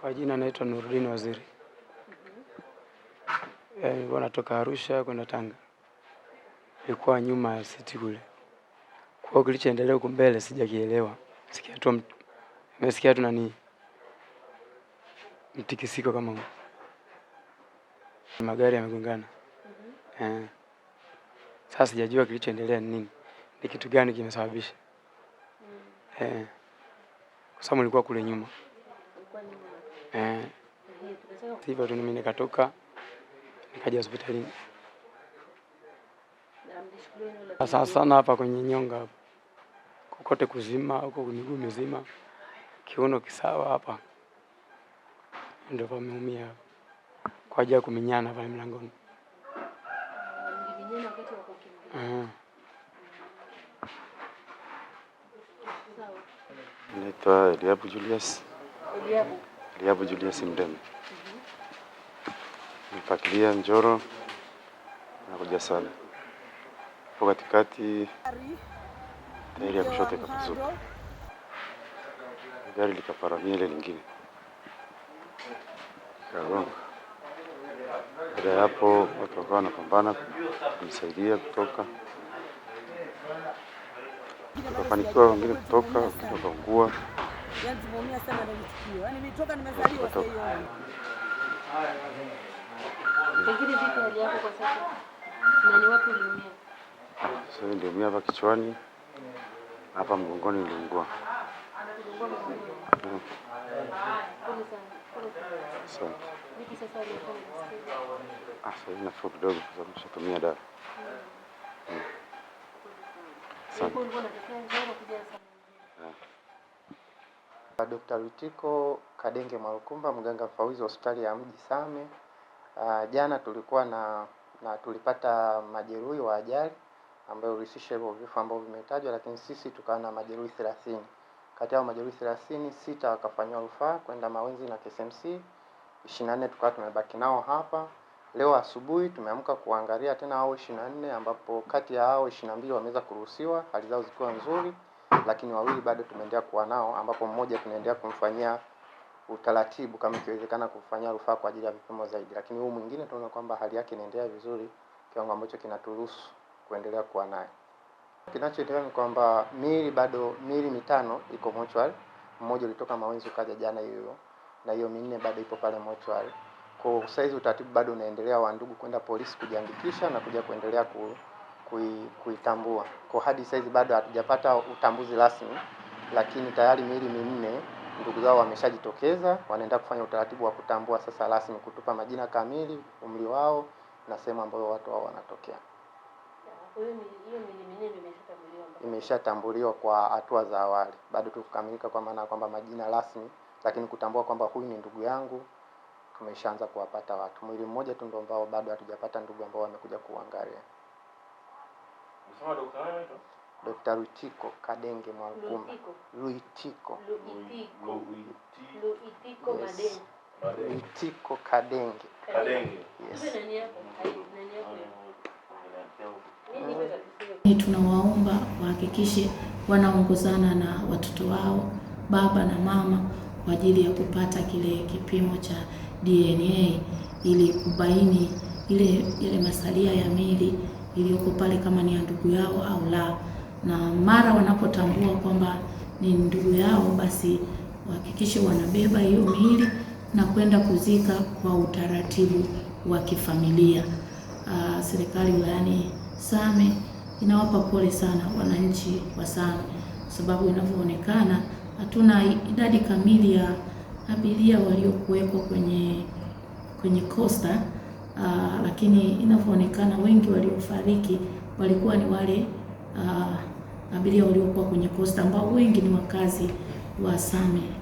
Kwa jina naitwa nurudini Waziri. Mhm. Eh, natoka Arusha kwenda Tanga, ilikuwa nyuma ya siti kule. Kwa hiyo kilichoendelea huko mbele sijakielewa, sikia tu, nimesikia tu nani mtikisiko kama huu, magari yamegongana. Mhm. Eh, sasa sijajua kilichoendelea ni nini, ni kitu gani kimesababisha, mm. eh, kwa sababu nilikuwa kule nyuma. Eh. Hivyo tu mimi nikatoka nikaja hospitalini. Sasa sana hapa kwenye nyonga hapa. Kokote kuzima huko miguu mizima. Kiuno kisawa hapa. Ndio pameumia kwa ajili ya kuminyana pale mlangoni. Eh. Naitwa Eliabu Julius. Eliabu. Liabu Julius Mdeme nipakilia Njoro nakuja sana po katikati tairi ya kushoto ikapasuka, gari likaparamia ile lingine kagonga. Baada ya hapo watu wakawa wanapambana kumsaidia kutoka, tukafanikiwa wengine kutoka, wengine wakaungua yani tumeumia sana na tukio. Yani mimi nimezaliwa sasa? Na ni hapa kichwani, hapa mgongoni niliungua. Mm. Sasa ah, nafuu kidogo kwa sababu nishatumia dawa. Mm. Mm. Asante. Dr. Lutiko Kadenge Mwalukumba, mganga mfawidhi wa hospitali ya mji Same. Uh, jana tulikuwa na, na tulipata majeruhi wa ajali ambayo ulihusisha hivyo vifo ambavyo vimetajwa, lakini sisi tukawa na majeruhi thelathini. Kati yao majeruhi thelathini, sita wakafanyiwa rufaa kwenda Mawenzi na KSMC, ishirini na nne tukawa tumebaki nao hapa. Leo asubuhi tumeamka kuangalia tena hao ishirini na nne ambapo kati ya hao ishirini na mbili wameweza kuruhusiwa, hali zao zikiwa nzuri lakini wawili bado tumeendelea kuwa nao, ambapo mmoja tunaendelea kumfanyia utaratibu kama ikiwezekana kufanyia rufaa kwa ajili ya vipimo zaidi, lakini huu mwingine tunaona kwamba hali yake inaendelea vizuri, kiwango ambacho kinaturuhusu kuendelea kuwa naye. Kinachoendelea ni kwamba miili bado, miili mitano iko mochwari, mmoja ulitoka Mawenzi ukaja jana hiyo, na hiyo minne bado ipo pale mochwari. Kwa saizi utaratibu bado unaendelea wa ndugu kwenda polisi kujiandikisha na kuja kuendelea ku kui, kuitambua. Kwa hadi saizi bado hatujapata utambuzi rasmi, lakini tayari miili minne ndugu zao wameshajitokeza, wanaenda kufanya utaratibu wa kutambua sasa rasmi, kutupa majina kamili, umri wao na sehemu ambayo watu wao wanatokea. Imeshatambuliwa kwa hatua za awali, bado tukukamilika kwa maana ya kwamba majina rasmi, lakini kutambua kwamba huyu ni ndugu yangu tumeshaanza kuwapata watu. Mwili mmoja tu ndio ambao bado hatujapata ndugu ambao wamekuja kuangalia. Dr. dokta Kadenge Mwankumba. Ruitiko. Lu- Luitiko Ruitiko Kadenge. Kadenge. Yes. Ni tunawaomba wahakikishe wanaongozana na watoto wao baba na mama kwa ajili ya kupata kile kipimo cha DNA ili kubaini ile ile masalia ya mili iliyoko pale kama ni ya ndugu yao au la, na mara wanapotambua kwamba ni ndugu yao, basi wahakikishe wanabeba hiyo miili na kwenda kuzika kwa utaratibu wa kifamilia. Aa, ah, serikali wilayani Same inawapa pole sana wananchi wa Same kwa sababu inavyoonekana hatuna idadi kamili ya abiria waliokuwepo kwenye kwenye kosta uh, lakini inavyoonekana wengi waliofariki walikuwa ni wale uh, abiria waliokuwa kwenye kosta ambao wengi ni wakazi wa Same.